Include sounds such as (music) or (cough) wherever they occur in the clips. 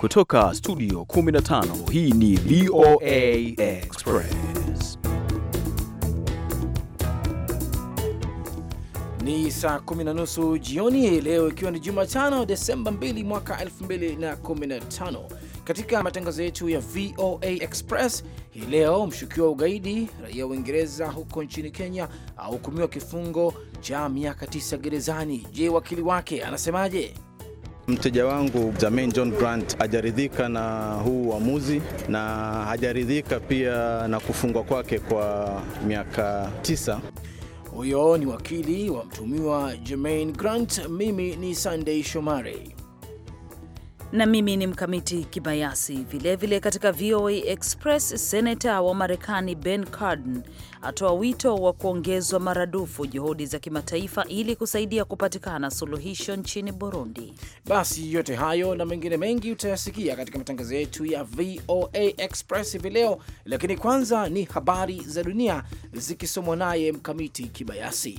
Kutoka studio 15 hii ni VOA Express. Ni saa kumi na nusu jioni leo, ikiwa ni Jumatano Desemba 2 mwaka 2015. Katika matangazo yetu ya VOA Express hii leo, mshukiwa wa ugaidi raia wa Uingereza huko nchini Kenya ahukumiwa kifungo cha miaka 9 gerezani. Je, wakili wake anasemaje? Mteja wangu Jermaine John Grant hajaridhika na huu uamuzi na hajaridhika pia na kufungwa kwake kwa miaka tisa. Huyo ni wakili wa mtumiwa Jermaine Grant. Mimi ni Sunday Shomari na mimi ni Mkamiti Kibayasi. Vilevile katika VOA Express, senata wa Marekani Ben Cardin atoa wito wa kuongezwa maradufu juhudi za kimataifa ili kusaidia kupatikana suluhisho nchini Burundi. Basi yote hayo na mengine mengi utayasikia katika matangazo yetu ya VOA Express hivi leo, lakini kwanza ni habari za dunia zikisomwa naye Mkamiti Kibayasi.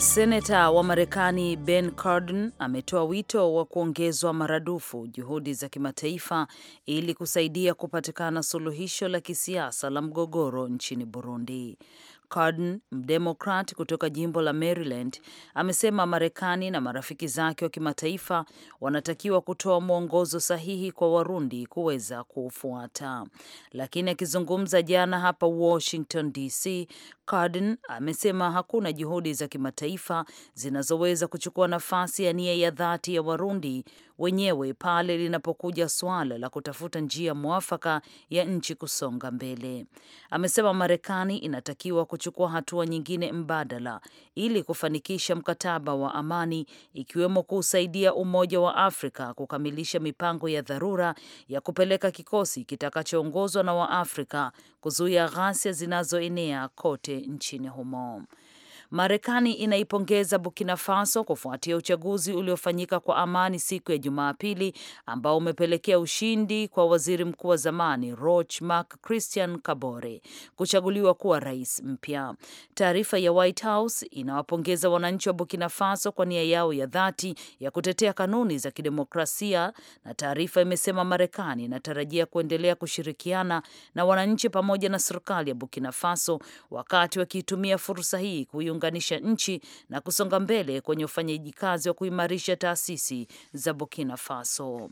Seneta wa Marekani Ben Cardin ametoa wito wa kuongezwa maradufu juhudi za kimataifa ili kusaidia kupatikana suluhisho la kisiasa la mgogoro nchini Burundi. Cardin, mdemokrat kutoka jimbo la Maryland, amesema Marekani na marafiki zake wa kimataifa wanatakiwa kutoa mwongozo sahihi kwa Warundi kuweza kuufuata. Lakini akizungumza jana hapa Washington DC, Cardin amesema hakuna juhudi za kimataifa zinazoweza kuchukua nafasi ya nia ya dhati ya Warundi wenyewe pale linapokuja suala la kutafuta njia mwafaka ya nchi kusonga mbele. Amesema Marekani inatakiwa kuchukua hatua nyingine mbadala ili kufanikisha mkataba wa amani, ikiwemo kuusaidia Umoja wa Afrika kukamilisha mipango ya dharura ya kupeleka kikosi kitakachoongozwa na Waafrika kuzuia ghasia zinazoenea kote nchini humo. Marekani inaipongeza Burkina Faso kufuatia uchaguzi uliofanyika kwa amani siku ya Jumapili ambao umepelekea ushindi kwa waziri mkuu wa zamani Roch Marc Christian Kabore kuchaguliwa kuwa rais mpya. Taarifa ya White House inawapongeza wananchi wa Burkina Faso kwa nia yao ya dhati ya kutetea kanuni za kidemokrasia, na taarifa imesema Marekani inatarajia kuendelea kushirikiana na wananchi pamoja na serikali ya Burkina Faso wakati wakiitumia fursa hii kuiunga kuunganisha nchi na kusonga mbele kwenye ufanyaji kazi wa kuimarisha taasisi za Burkina Faso.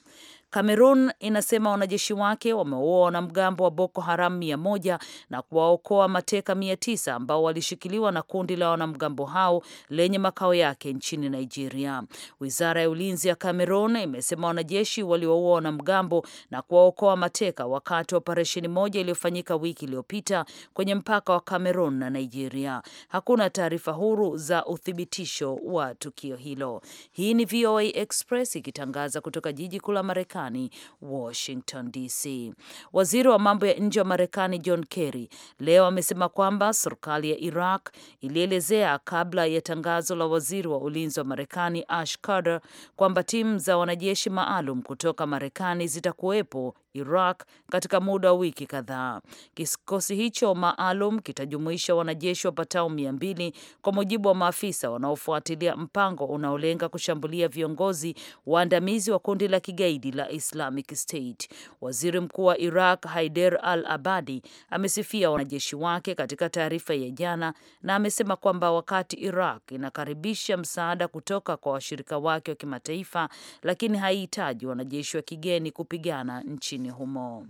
Cameroon inasema wanajeshi wake wameua wanamgambo wa Boko Haram mia moja na kuwaokoa mateka mia tisa ambao walishikiliwa na kundi la wanamgambo hao lenye makao yake nchini Nigeria. Wizara ya ulinzi ya Cameroon imesema wanajeshi waliwaua wanamgambo na kuwaokoa mateka wakati wa operesheni moja iliyofanyika wiki iliyopita kwenye mpaka wa Cameroon na Nigeria. Hakuna taarifa huru za uthibitisho wa tukio hilo. Hii ni VOA Express ikitangaza kutoka jiji kuu la Marekani Marekani, Washington DC. Waziri wa mambo ya nje wa Marekani John Kerry leo amesema kwamba serikali ya Iraq ilielezea kabla ya tangazo la waziri wa ulinzi wa Marekani Ash Carter kwamba timu za wanajeshi maalum kutoka Marekani zitakuwepo Iraq katika muda wa wiki kadhaa. Kikosi hicho maalum kitajumuisha wanajeshi wapatao mia mbili kwa mujibu wa maafisa wanaofuatilia mpango unaolenga kushambulia viongozi waandamizi wa kundi la kigaidi la Islamic State. Waziri mkuu wa Iraq Haider al Abadi amesifia wanajeshi wake katika taarifa ya jana, na amesema kwamba wakati Iraq inakaribisha msaada kutoka kwa washirika wake wa kimataifa, lakini haihitaji wanajeshi wa kigeni kupigana nchini nchini humo.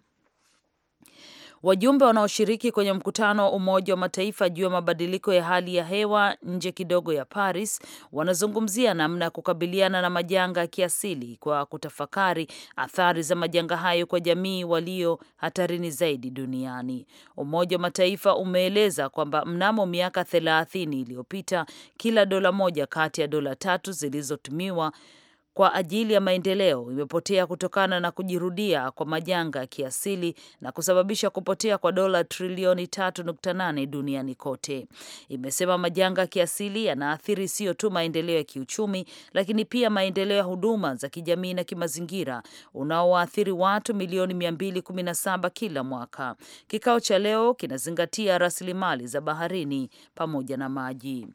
Wajumbe wanaoshiriki kwenye mkutano wa Umoja wa Mataifa juu ya mabadiliko ya hali ya hewa nje kidogo ya Paris wanazungumzia namna ya kukabiliana na majanga ya kiasili kwa kutafakari athari za majanga hayo kwa jamii walio hatarini zaidi duniani. Umoja wa Mataifa umeeleza kwamba mnamo miaka thelathini iliyopita kila dola moja kati ya dola tatu zilizotumiwa kwa ajili ya maendeleo imepotea kutokana na kujirudia kwa majanga ya kiasili na kusababisha kupotea kwa dola trilioni 3.8 duniani kote. Imesema majanga ya kiasili yanaathiri sio tu maendeleo ya kiuchumi, lakini pia maendeleo ya huduma za kijamii na kimazingira unaowaathiri watu milioni 217 kila mwaka. Kikao cha leo kinazingatia rasilimali za baharini pamoja na maji.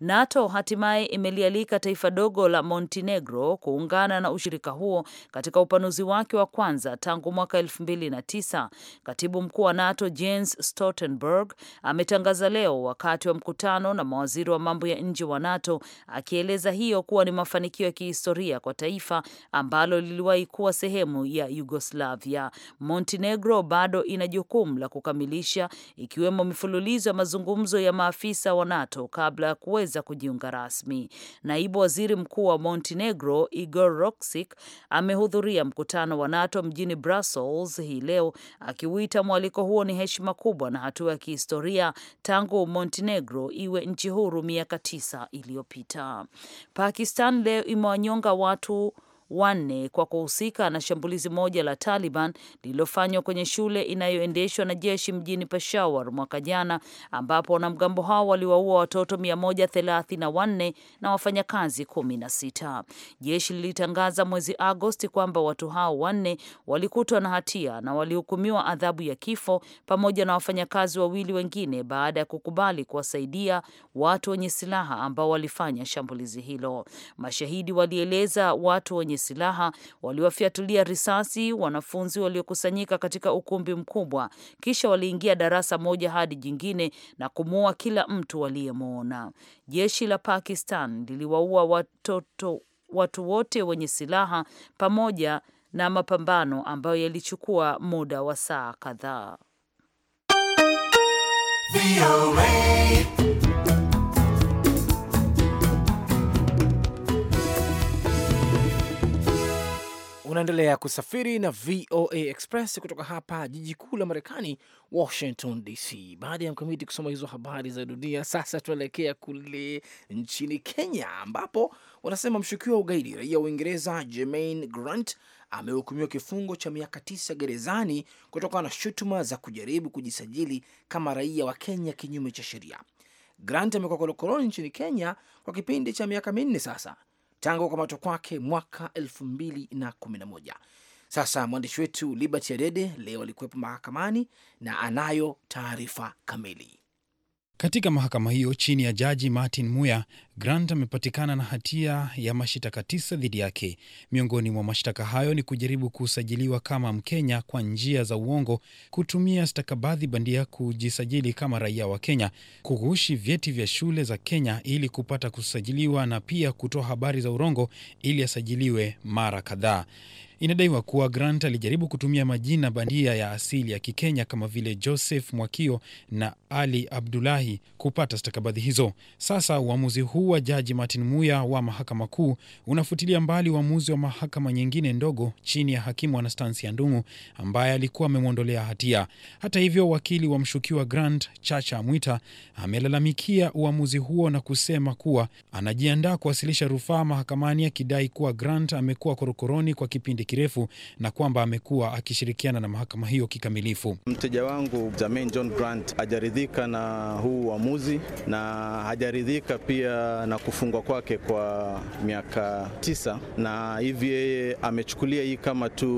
NATO hatimaye imelialika taifa dogo la Montenegro kuungana na ushirika huo katika upanuzi wake wa kwanza tangu mwaka 2009. Katibu mkuu wa NATO Jens Stoltenberg ametangaza leo wakati wa mkutano na mawaziri wa mambo ya nje wa NATO akieleza hiyo kuwa ni mafanikio ya kihistoria kwa taifa ambalo liliwahi kuwa sehemu ya Yugoslavia. Montenegro bado ina jukumu la kukamilisha ikiwemo mifululizo ya mazungumzo ya maafisa wa NATO kabla ya kuweza kujiunga rasmi. Naibu waziri mkuu wa Montenegro Igor Roksik amehudhuria mkutano wa NATO mjini Brussels hii leo akiuita mwaliko huo ni heshima kubwa na hatua ya kihistoria tangu Montenegro iwe nchi huru miaka tisa iliyopita. Pakistan leo imewanyonga watu wanne kwa kuhusika na shambulizi moja la Taliban lililofanywa kwenye shule inayoendeshwa na jeshi mjini Peshawar mwaka jana, ambapo wanamgambo hao waliwaua watoto 134 na wafanyakazi 16. Jeshi lilitangaza mwezi Agosti kwamba watu hao wanne walikutwa na hatia na walihukumiwa adhabu ya kifo pamoja na wafanyakazi wawili wengine baada ya kukubali kuwasaidia watu wenye silaha ambao walifanya shambulizi hilo. Mashahidi walieleza watu wenye silaha waliwafyatulia risasi wanafunzi waliokusanyika katika ukumbi mkubwa, kisha waliingia darasa moja hadi jingine na kumuua kila mtu waliyemwona. Jeshi la Pakistan liliwaua watoto, watu wote wenye silaha pamoja na mapambano ambayo yalichukua muda wa saa kadhaa. Unaendelea kusafiri na VOA Express kutoka hapa jiji kuu la Marekani, Washington DC. Baada ya Mkamiti kusoma hizo habari za dunia, sasa tunaelekea kule nchini Kenya, ambapo wanasema mshukiwa wa ugaidi raia wa Uingereza Jermaine Grant amehukumiwa kifungo cha miaka tisa gerezani kutokana na shutuma za kujaribu kujisajili kama raia wa Kenya kinyume cha sheria. Grant amekuwa korokoroni nchini Kenya kwa kipindi cha miaka minne sasa tangu kukamatwa kwake mwaka elfu mbili na kumi na moja. Sasa mwandishi wetu Liberty Adede leo alikuwepo mahakamani na anayo taarifa kamili. Katika mahakama hiyo chini ya jaji Martin Muya, Grant amepatikana na hatia ya mashitaka tisa dhidi yake. Miongoni mwa mashtaka hayo ni kujaribu kusajiliwa kama Mkenya kwa njia za uongo, kutumia stakabadhi bandia kujisajili kama raia wa Kenya, kughushi vyeti vya shule za Kenya ili kupata kusajiliwa, na pia kutoa habari za urongo ili asajiliwe mara kadhaa. Inadaiwa kuwa Grant alijaribu kutumia majina bandia ya asili ya Kikenya kama vile Joseph Mwakio na Ali Abdulahi kupata stakabadhi hizo. Sasa uamuzi huu wa Jaji Martin Muya wa Mahakama Kuu unafutilia mbali uamuzi wa mahakama nyingine ndogo chini ya hakimu Anastasia Ndung'u ambaye alikuwa amemwondolea hatia. Hata hivyo, wakili wa mshukiwa Grant Chacha Mwita amelalamikia uamuzi huo na kusema kuwa anajiandaa kuwasilisha rufaa mahakamani akidai kuwa Grant amekuwa korokoroni kwa kipindi kirefu na kwamba amekuwa akishirikiana na mahakama hiyo kikamilifu. Mteja wangu Jamin John Grant hajaridhika na huu uamuzi na hajaridhika pia na kufungwa kwake kwa miaka tisa, na hivi yeye amechukulia hii kama tu,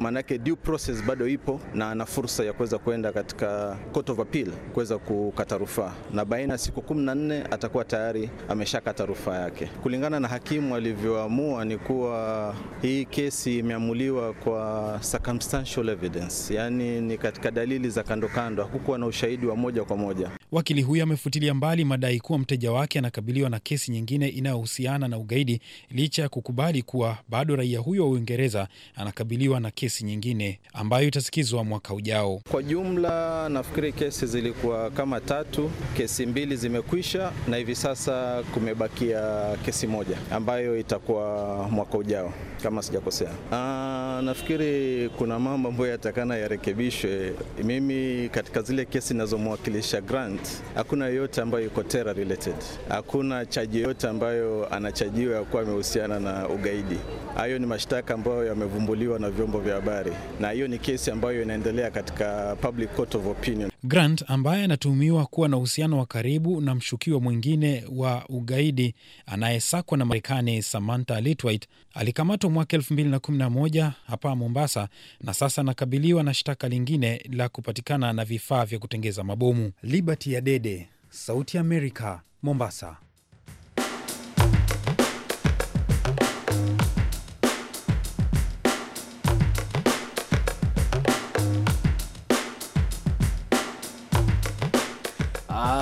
maanake due process bado ipo na ana fursa ya kuweza kuenda katika court of appeal kuweza kukata rufaa, na baina ya siku 14 atakuwa tayari ameshakata rufaa yake. Kulingana na hakimu alivyoamua, ni kuwa hii kesi kimeamuliwa kwa circumstantial evidence, yani ni katika dalili za kando kando, hakukuwa na ushahidi wa moja kwa moja. Wakili huyo amefutilia mbali madai kuwa mteja wake anakabiliwa na kesi nyingine inayohusiana na ugaidi licha ya kukubali kuwa bado raia huyo wa Uingereza anakabiliwa na kesi nyingine ambayo itasikizwa mwaka ujao. Kwa jumla, nafikiri kesi zilikuwa kama tatu, kesi mbili zimekwisha na hivi sasa kumebakia kesi moja ambayo itakuwa mwaka ujao kama sijakosea. Ah, nafikiri kuna mambo ambayo yatakana yarekebishwe. Mimi katika zile kesi ninazomwakilisha Grant, hakuna yoyote ambayo iko terror related, hakuna chaji yoyote ambayo anachajiwa ya kuwa amehusiana na ugaidi. Hayo ni mashtaka ambayo yamevumbuliwa na vyombo vya habari, na hiyo ni kesi ambayo inaendelea katika public court of opinion. Grant ambaye anatuhumiwa kuwa na uhusiano wa karibu na mshukiwa mwingine wa ugaidi anayesakwa na Marekani, Samantha Litwit, alikamatwa mwaka 2011 hapa Mombasa na sasa anakabiliwa na shtaka lingine la kupatikana na vifaa vya kutengeza mabomu. Liberty Adede, Sauti ya Amerika, Mombasa.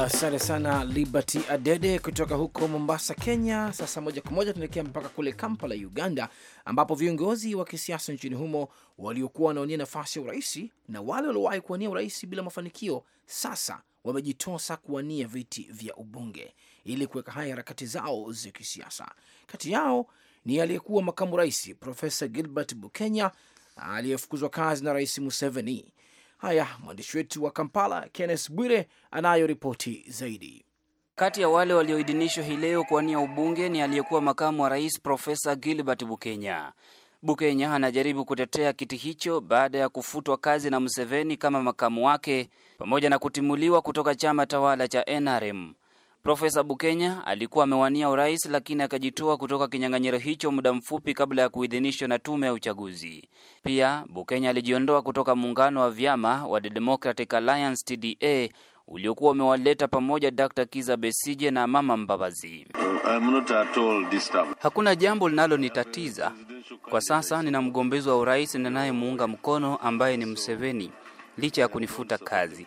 Asante sana Liberty Adede kutoka huko Mombasa, Kenya. Sasa moja kwa moja tunaelekea mpaka kule Kampala, Uganda, ambapo viongozi wa kisiasa nchini humo waliokuwa wanaonia nafasi ya uraisi na wale waliowahi kuwania uraisi bila mafanikio sasa wamejitosa kuwania viti vya ubunge ili kuweka haya harakati zao za kisiasa. Kati yao ni aliyekuwa makamu rais Profesa Gilbert Bukenya aliyefukuzwa kazi na Rais Museveni Haya, mwandishi wetu wa Kampala Kenneth Bwire anayo ripoti zaidi. Kati ya wale walioidhinishwa hii leo kuwania ubunge ni aliyekuwa makamu wa rais Profesa Gilbert Bukenya. Bukenya anajaribu kutetea kiti hicho baada ya kufutwa kazi na Museveni kama makamu wake pamoja na kutimuliwa kutoka chama tawala cha NRM. Profesa Bukenya alikuwa amewania urais lakini akajitoa kutoka kinyang'anyiro hicho muda mfupi kabla ya kuidhinishwa na tume ya uchaguzi. Pia Bukenya alijiondoa kutoka muungano wa vyama wa The Democratic Alliance TDA uliokuwa umewaleta pamoja Dr. Kiza Besije na Mama Mbabazi. Hakuna jambo linalonitatiza kwa sasa, nina mgombezi wa urais ninayemuunga mkono ambaye ni Mseveni licha ya kunifuta kazi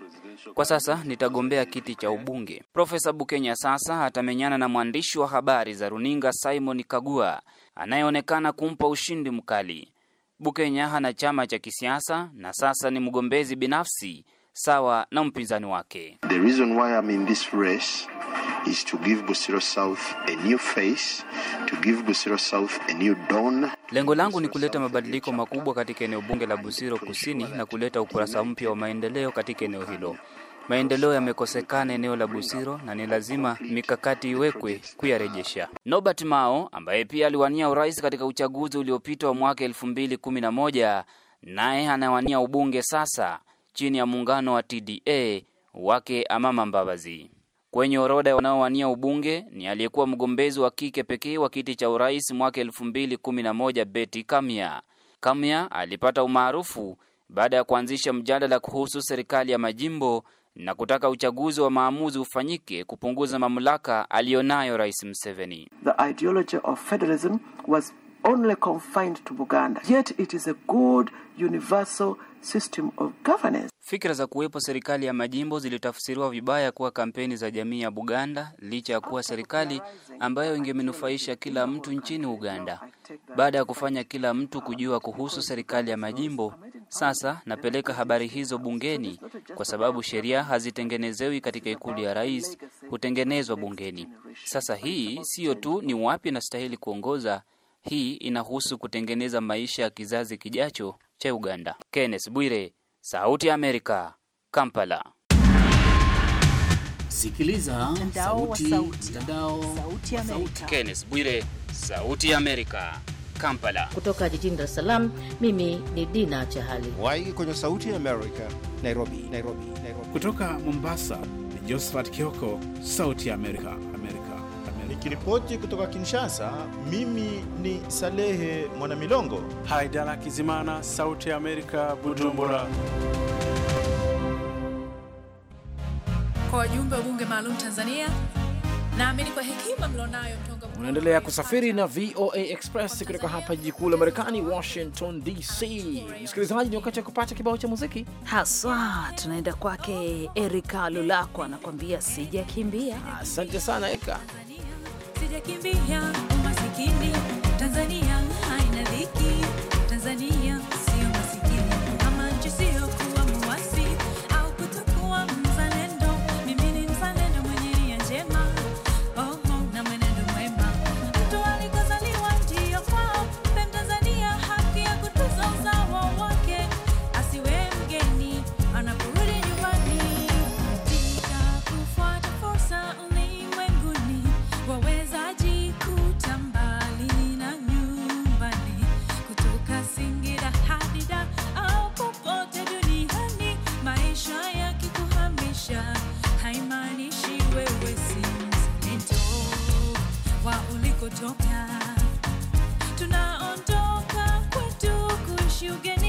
kwa sasa nitagombea kiti cha ubunge. Profesa Bukenya sasa atamenyana na mwandishi wa habari za runinga Simon Kagua anayeonekana kumpa ushindi mkali. Bukenya hana chama cha kisiasa na sasa ni mgombezi binafsi sawa na mpinzani wake. The reason why I'm in this race is to give Busiro South a new face, to give Busiro South a new dawn. Lengo langu ni kuleta mabadiliko makubwa katika eneo bunge la Busiro Kusini na kuleta ukurasa mpya wa maendeleo katika eneo hilo. Maendeleo yamekosekana eneo la Busiro na ni lazima mikakati iwekwe kuyarejesha. Nobert Mao ambaye pia aliwania urais katika uchaguzi uliopita wa mwaka 2011 naye anawania ubunge sasa chini ya muungano wa TDA wake Amama Mbabazi. Kwenye orodha wanaowania ubunge ni aliyekuwa mgombezi wa kike pekee wa kiti cha urais mwaka 2011 Betty Kamya. Kamya alipata umaarufu baada ya kuanzisha mjadala kuhusu serikali ya majimbo na kutaka uchaguzi wa maamuzi ufanyike kupunguza mamlaka aliyonayo Rais Museveni. The ideology of federalism was only confined to Buganda. Yet it is a good universal system of governance. Fikra za kuwepo serikali ya majimbo zilitafsiriwa vibaya kuwa kampeni za jamii ya Buganda licha ya kuwa serikali ambayo ingemenufaisha kila mtu nchini Uganda. Baada ya kufanya kila mtu kujua kuhusu serikali ya majimbo, sasa napeleka habari hizo bungeni kwa sababu sheria hazitengenezewi katika ikulu ya rais, hutengenezwa bungeni. Sasa hii siyo tu ni wapi nastahili kuongoza, hii inahusu kutengeneza maisha ya kizazi kijacho cha Uganda. Kenneth Bwire, Sauti ya Amerika, Kampala. Sikiliza sauti, sauti. Mtandao sauti ya Amerika. Kenneth Bwire, Sauti ya Amerika, Kampala. Kutoka jijini Dar es Salaam, mimi ni Dina Chahali. Waiki kwenye Sauti ya Amerika, Nairobi, Nairobi, Nairobi. Kutoka Mombasa, ni Josephat Kioko, Sauti ya Amerika. Nikiripoti kutoka Kinshasa, mimi ni Salehe Mwanamilongo. Haidala Kizimana, Sauti ya Amerika, Bujumbura. Kwa wajumbe wa bunge maalum Tanzania, naamini kwa hekima mlionayo unaendelea kusafiri na VOA Express kutoka hapa jiji kuu la Marekani, Washington DC. Msikilizaji, ni wakati wa kupata kibao cha muziki haswa. Tunaenda kwake Erika Lulako, anakuambia sijakimbia. Asante sana Erika sijakimbia umasikini, Tanzania haina dhiki, Tanzania you get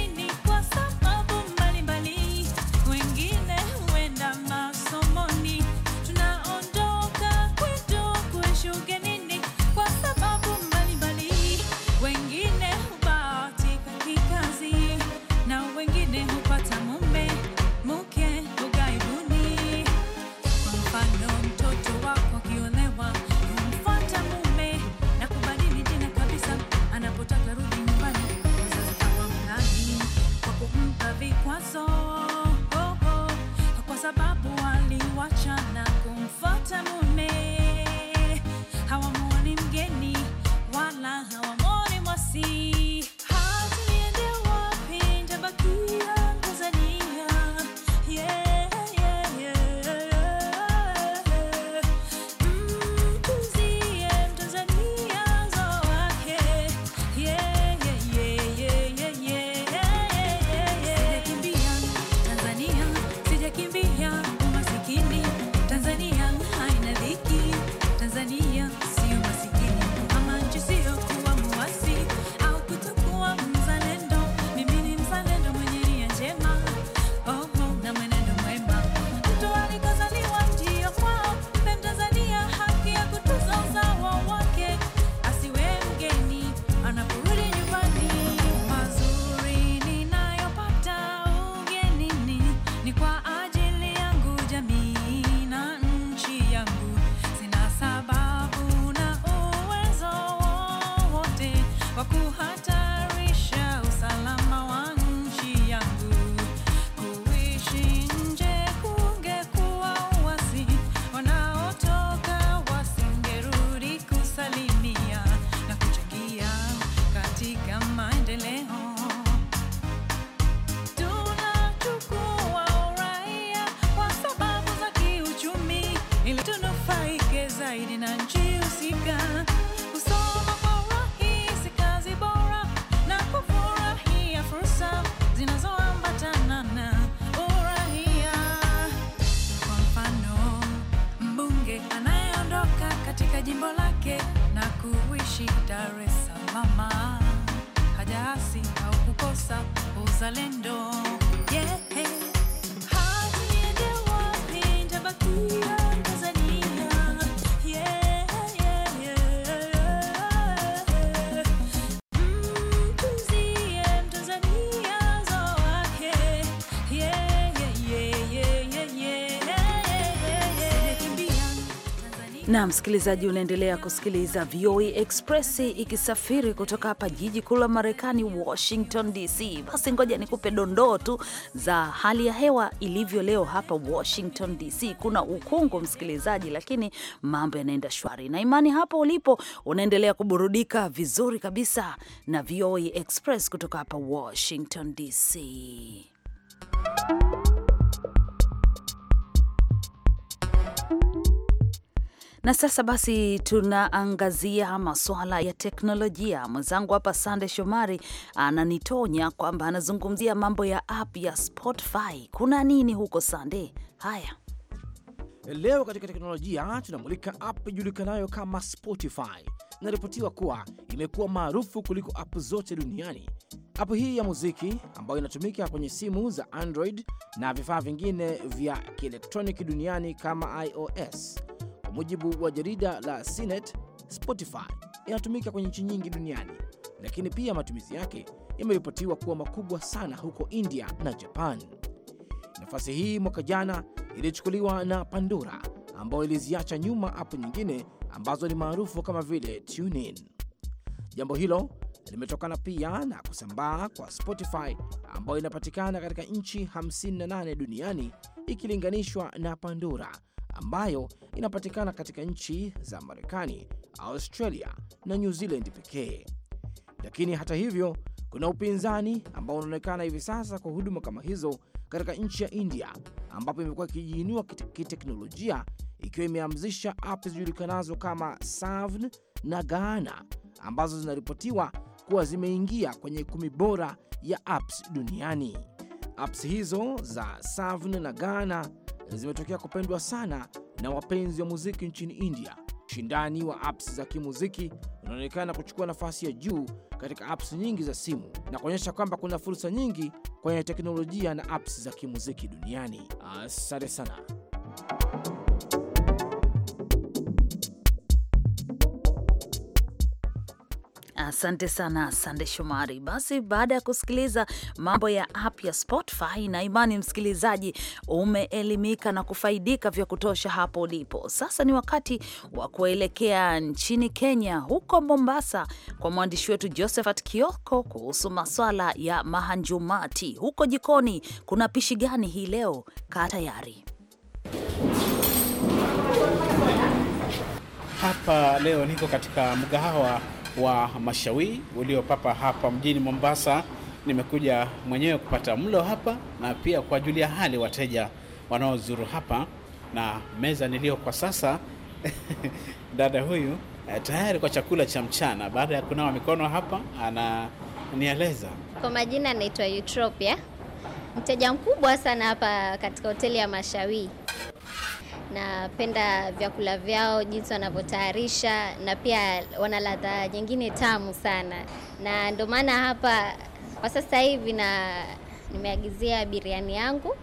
na msikilizaji, unaendelea kusikiliza VOA e Express ikisafiri kutoka hapa jiji kuu la Marekani, Washington DC. Basi ngoja nikupe dondoo tu za hali ya hewa ilivyo leo hapa Washington DC. Kuna ukungu msikilizaji, lakini mambo yanaenda shwari, na imani hapo ulipo unaendelea kuburudika vizuri kabisa na VOA e Express kutoka hapa Washington DC. Na sasa basi tunaangazia masuala ya teknolojia. Mwenzangu hapa Sande Shomari ananitonya kwamba anazungumzia mambo ya app ya Spotify. Kuna nini huko Sande? Haya, leo katika teknolojia tunamulika app ijulikanayo kama Spotify. Inaripotiwa kuwa imekuwa maarufu kuliko app zote duniani. App hii ya muziki ambayo inatumika kwenye simu za Android na vifaa vingine vya kielektroniki duniani kama iOS kwa mujibu wa jarida la CNET, Spotify inatumika kwenye nchi nyingi duniani, lakini pia matumizi yake yameripotiwa kuwa makubwa sana huko India na Japan. Nafasi hii mwaka jana ilichukuliwa na Pandora ambayo iliziacha nyuma app nyingine ambazo ni maarufu kama vile TuneIn. Jambo hilo limetokana pia na kusambaa kwa Spotify ambayo inapatikana katika nchi 58 duniani ikilinganishwa na Pandora ambayo inapatikana katika nchi za Marekani, Australia na New Zealand pekee. Lakini hata hivyo, kuna upinzani ambao unaonekana hivi sasa kwa huduma kama hizo katika nchi ya India, ambapo imekuwa ikijiinua kiteknolojia ikiwa imeanzisha app zijulikanazo kama Savn na Gaana ambazo zinaripotiwa kuwa zimeingia kwenye kumi bora ya apps duniani. Apps hizo za Savn na Gaana zimetokea kupendwa sana na wapenzi wa muziki nchini India. Ushindani wa apps za kimuziki unaonekana kuchukua nafasi ya juu katika apps nyingi za simu na kuonyesha kwamba kuna fursa nyingi kwenye teknolojia na apps za kimuziki duniani. Asante sana. Asante sana Sande Shomari. Basi baada ya kusikiliza mambo ya app ya Spotify, na imani msikilizaji umeelimika na kufaidika vya kutosha hapo ulipo. Sasa ni wakati wa kuelekea nchini Kenya, huko Mombasa, kwa mwandishi wetu Josephat Kioko kuhusu maswala ya mahanjumati. Huko jikoni kuna pishi gani hii leo? Kaa tayari. Hapa leo niko katika mgahawa wa mashawi uliopapa hapa mjini Mombasa. Nimekuja mwenyewe kupata mlo hapa na pia kuwajulia hali wateja wanaozuru hapa, na meza niliyo kwa sasa (laughs) dada huyu eh, tayari kwa chakula cha mchana baada ya kunawa mikono hapa, ananieleza kwa majina. Anaitwa Utropia, mteja mkubwa sana hapa katika hoteli ya Mashawi. Napenda vyakula vyao jinsi wanavyotayarisha, na pia wana ladha nyingine tamu sana, na ndio maana hapa kwa sasa hivi na nimeagizia biriani yangu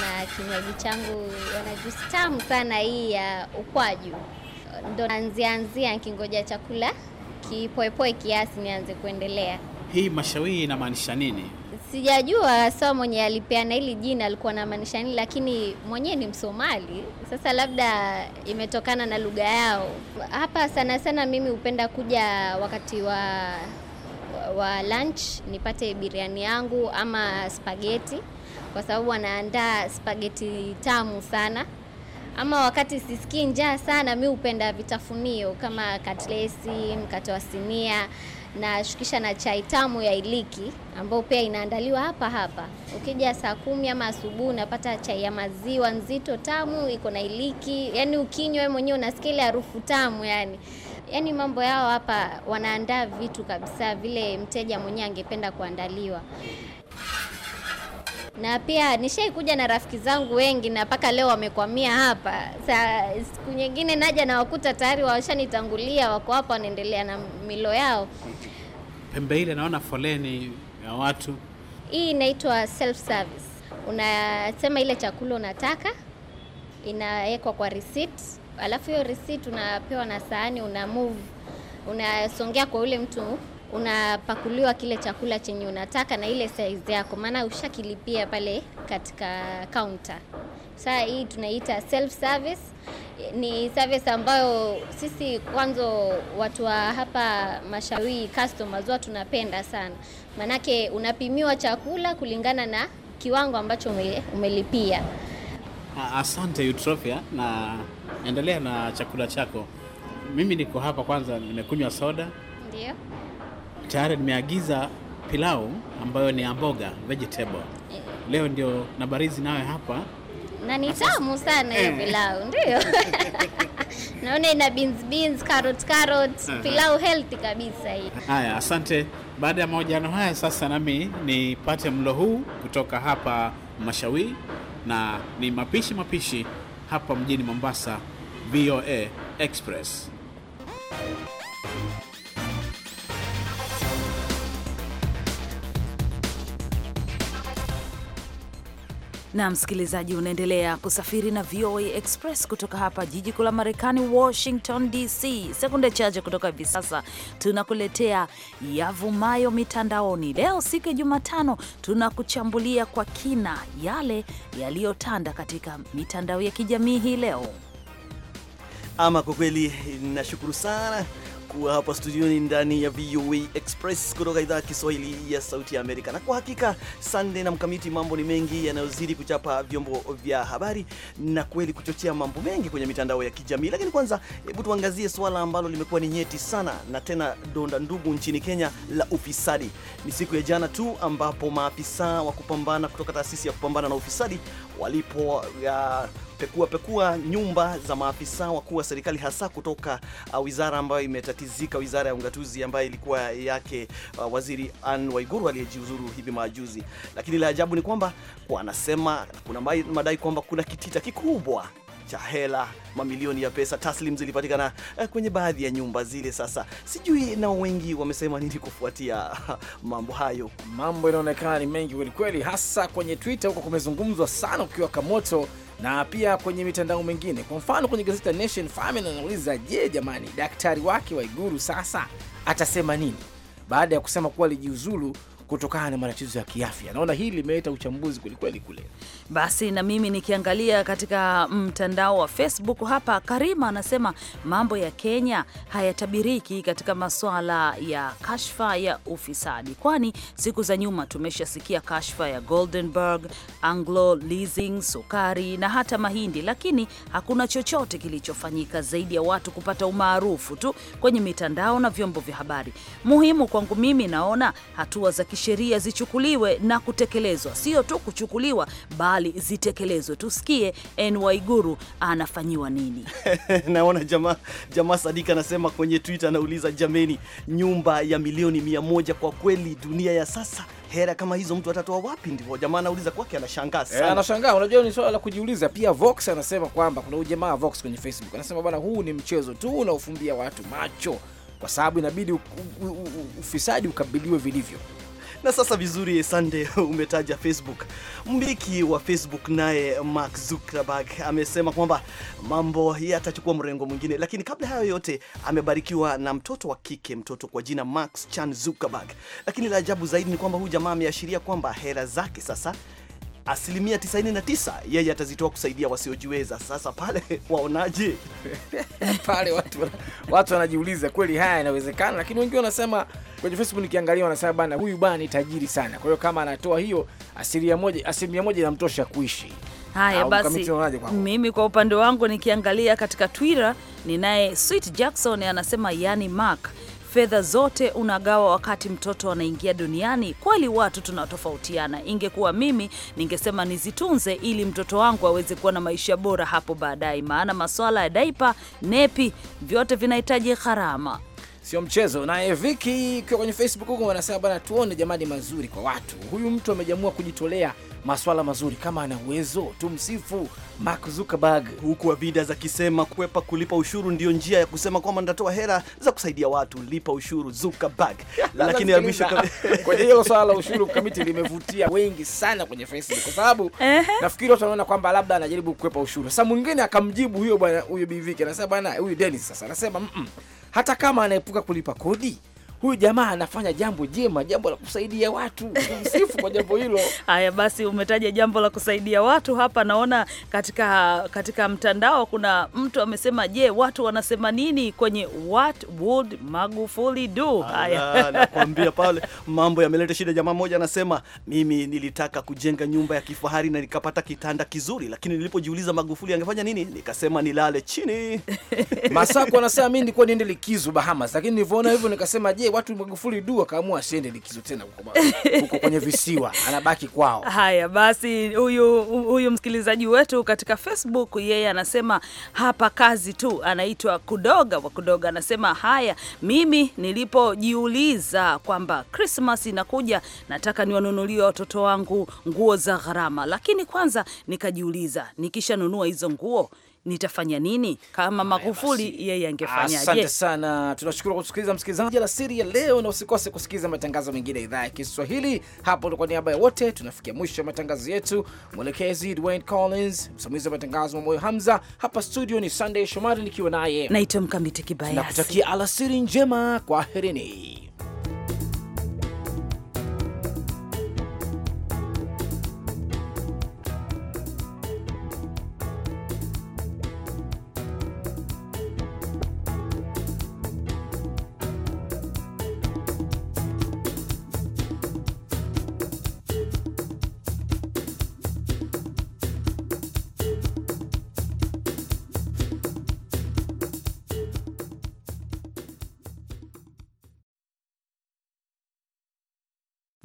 na kinywaji changu. Wana juisi tamu sana hii ya ukwaju, ndo naanzia anzia nikingoja chakula kipoepoe kiasi nianze kuendelea. Hii mashawii inamaanisha nini? Sijajua sawa mwenye alipeana hili jina alikuwa na maanisha nini, lakini mwenyewe ni Msomali. Sasa labda imetokana na lugha yao. Hapa sana sana mimi hupenda kuja wakati wa wa lunch nipate biriani yangu ama spageti, kwa sababu wanaandaa spageti tamu sana. Ama wakati sisikii njaa sana, mi hupenda vitafunio kama katlesi, mkate wa sinia nashukisha na chai tamu ya iliki ambayo pia inaandaliwa hapa hapa. Ukija saa kumi ama asubuhi unapata chai ya maziwa nzito tamu, iko na iliki, yani ukinywa wewe mwenyewe unasikia ile harufu tamu yani. Yaani mambo yao hapa wanaandaa vitu kabisa vile mteja mwenyewe angependa kuandaliwa na pia nishaikuja na rafiki zangu wengi na mpaka leo wamekwamia hapa. Sa siku nyingine naja nawakuta tayari washanitangulia wako hapa, wanaendelea na milo yao pembe ile naona foleni ya watu. Hii inaitwa self service. Unasema ile chakula unataka, inawekwa kwa receipt, alafu hiyo receipt unapewa na sahani, una move, unasongea kwa ule mtu unapakuliwa kile chakula chenye unataka na ile size yako, maana ushakilipia pale katika counter. Sasa hii tunaita self service ni service ambayo sisi kwanzo watu wa hapa Mashawii customers wa tunapenda sana, manake unapimiwa chakula kulingana na kiwango ambacho umelipia. Ah, asante Eutrophia, na endelea na chakula chako. Mimi niko hapa kwanza, nimekunywa soda, ndio tayari nimeagiza pilau ambayo ni amboga vegetable. Eh. Leo ndio nabarizi nawe hapa na ni tamu sana hiyo eh. pilau, ndio (laughs) naona ina beans beans, carrot carrot Pilau healthy kabisa hii. Haya, asante. Baada ya mahojiano haya, sasa nami nipate mlo huu kutoka hapa Mashawi, na ni mapishi mapishi hapa mjini Mombasa, VOA Express. na msikilizaji, unaendelea kusafiri na VOA Express kutoka hapa jiji kuu la Marekani, Washington DC. Sekunde chache kutoka hivi sasa tunakuletea yavumayo mitandaoni. Leo siku ya Jumatano, tunakuchambulia kwa kina yale yaliyotanda katika mitandao ya kijamii hii leo. Ama kwa kweli nashukuru sana kuwa hapa studioni ndani ya VOA Express kutoka idhaa ya Kiswahili ya Sauti ya Amerika. Na kwa hakika Sunday na Mkamiti, mambo ni mengi yanayozidi kuchapa vyombo vya habari na kweli kuchochea mambo mengi kwenye mitandao ya kijamii, lakini kwanza, hebu tuangazie suala ambalo limekuwa ni nyeti sana na tena donda ndugu nchini Kenya la ufisadi. Ni siku ya jana tu ambapo maafisa wa kupambana kutoka taasisi ya kupambana na ufisadi walipo ya kupekua pekua nyumba za maafisa wakuu wa serikali hasa kutoka uh, wizara ambayo imetatizika, wizara ya ungatuzi ambayo ilikuwa yake uh, waziri Anne Waiguru aliyejiuzuru hivi majuzi. Lakini la ajabu ni kwamba kwa anasema kuna madai kwamba kuna kitita kikubwa cha hela, mamilioni ya pesa taslim zilipatikana uh, kwenye baadhi ya nyumba zile. Sasa sijui nao wengi wamesema nini kufuatia uh, mambo hayo. Mambo inaonekana ni mengi kwelikweli, hasa kwenye Twitter huko kumezungumzwa sana, ukiwa kamoto na pia kwenye mitandao mingine. Kwa mfano kwenye gazeti la Nation, Famin anauliza je, jamani, daktari wake Waiguru sasa atasema nini baada ya kusema kuwa alijiuzulu kutokana na matatizo ya kiafya. Naona hii limeleta uchambuzi kwelikweli kule. Basi na mimi nikiangalia katika mtandao wa Facebook hapa, Karima anasema mambo ya Kenya hayatabiriki katika masuala ya kashfa ya ufisadi, kwani siku za nyuma tumeshasikia kashfa ya Goldenberg, Anglo Leasing, sukari na hata mahindi, lakini hakuna chochote kilichofanyika zaidi ya watu kupata umaarufu tu kwenye mitandao na vyombo vya habari. Muhimu kwangu mimi naona hatua za kisheria zichukuliwe na kutekelezwa, sio tu kuchukuliwa, bali zitekelezwe. Tusikie NY Guru anafanyiwa nini? (laughs) Naona jamaa jamaa Sadika anasema kwenye Twitter, anauliza jameni, nyumba ya milioni mia moja kwa kweli, dunia ya sasa hera kama hizo mtu atatoa wapi? Ndivyo jamaa anauliza kwake, anashangaa eh, sana. E, anashangaa. Unajua ni swala la kujiuliza pia. Vox anasema kwamba kuna ujamaa Vox kwenye Facebook anasema bwana, huu ni mchezo tu unaofumbia watu macho, kwa sababu inabidi ufisadi ukabiliwe vilivyo. Na sasa vizuri, Sande, (laughs) umetaja Facebook. Mmiliki wa Facebook naye Mark Zuckerberg amesema kwamba mambo yatachukua mrengo mwingine, lakini kabla hayo yote amebarikiwa na mtoto wa kike, mtoto kwa jina Max Chan Zuckerberg. Lakini la ajabu zaidi ni kwamba huyu jamaa ameashiria kwamba hera zake sasa asilimia 99 yeye atazitoa kusaidia wasiojiweza. Sasa pale (laughs) waonaje? (laughs) Pale watu, watu wanajiuliza kweli haya yanawezekana, lakini wengi wanasema kwenye Facebook nikiangalia, wanasema bana, huyu bana ni tajiri sana, kwa hiyo kama anatoa hiyo asilimia moja, asilimia moja inamtosha kuishi. Haya basi, mimi kwa upande wangu nikiangalia katika Twitter, ninaye Sweet Jackson anasema yani Mark fedha zote unagawa wakati mtoto anaingia duniani, kweli watu tunatofautiana. Ingekuwa mimi ningesema nizitunze ili mtoto wangu aweze kuwa na maisha bora hapo baadaye, maana maswala ya daipa, nepi, vyote vinahitaji gharama sio mchezo. Naye Viki ukiwa kwenye Facebook huko wanasema bana, tuone jamani mazuri kwa watu. Huyu mtu amejamua kujitolea maswala mazuri, kama ana uwezo tumsifu Mark Zuckerberg. Huku Avidas akisema kuwepa kulipa ushuru ndio njia ya kusema kwamba ndatoa hela za kusaidia watu, lipa ushuru Zuckerberg. (laughs) Lakini (laughs) kwenye hiyo swala la ushuru kamiti limevutia wengi sana kwenye Facebook kwa sababu nafikiri watu wanaona kwamba labda anajaribu kukwepa ushuru. Sasa mwingine akamjibu huyo bwana, huyo Biviki anasema bwana, huyu Dennis sasa anasema mm -mm hata kama anaepuka kulipa kodi huyu jamaa anafanya jambo jema, jambo la kusaidia watu, msifu kwa jambo hilo. (laughs) Haya basi, umetaja jambo la kusaidia watu hapa. Naona katika katika mtandao kuna mtu amesema, je, watu wanasema nini kwenye what would Magufuli do? Haya, nakwambia (laughs) pale mambo yameleta shida. Jamaa mmoja anasema, mimi nilitaka kujenga nyumba ya kifahari na nikapata kitanda kizuri, lakini nilipojiuliza Magufuli angefanya nini, nikasema nilale chini. (laughs) Masako anasema mimi nilikuwa niende likizo Bahamas, lakini nilivyoona hivyo nikasema je je, yaani, watu Magufuli du akaamua asiende likizo tena huko kwenye visiwa, (laughs) anabaki kwao. Haya basi, huyu huyu msikilizaji wetu katika Facebook yeye anasema hapa kazi tu, anaitwa Kudoga wa Kudoga, anasema haya, mimi nilipojiuliza kwamba Christmas inakuja, nataka niwanunulie watoto wangu nguo za gharama, lakini kwanza nikajiuliza, nikishanunua hizo nguo nitafanya nini kama Magufuli yeye angefanyaje? Asante sana, tunashukuru kusikiliza msikilizaji alasiri ya leo, na usikose kusikiliza matangazo mengine ya idhaa ya Kiswahili hapo. Kwa niaba ya wote tunafikia mwisho wa matangazo yetu. Mwelekezi Dwayne Collins, msimamizi wa matangazo moyo Hamza, hapa studio ni Sunday Shomari nikiwa naye naitwa Mkamiti Kibayasi, nakutakia alasiri njema, kwaherini.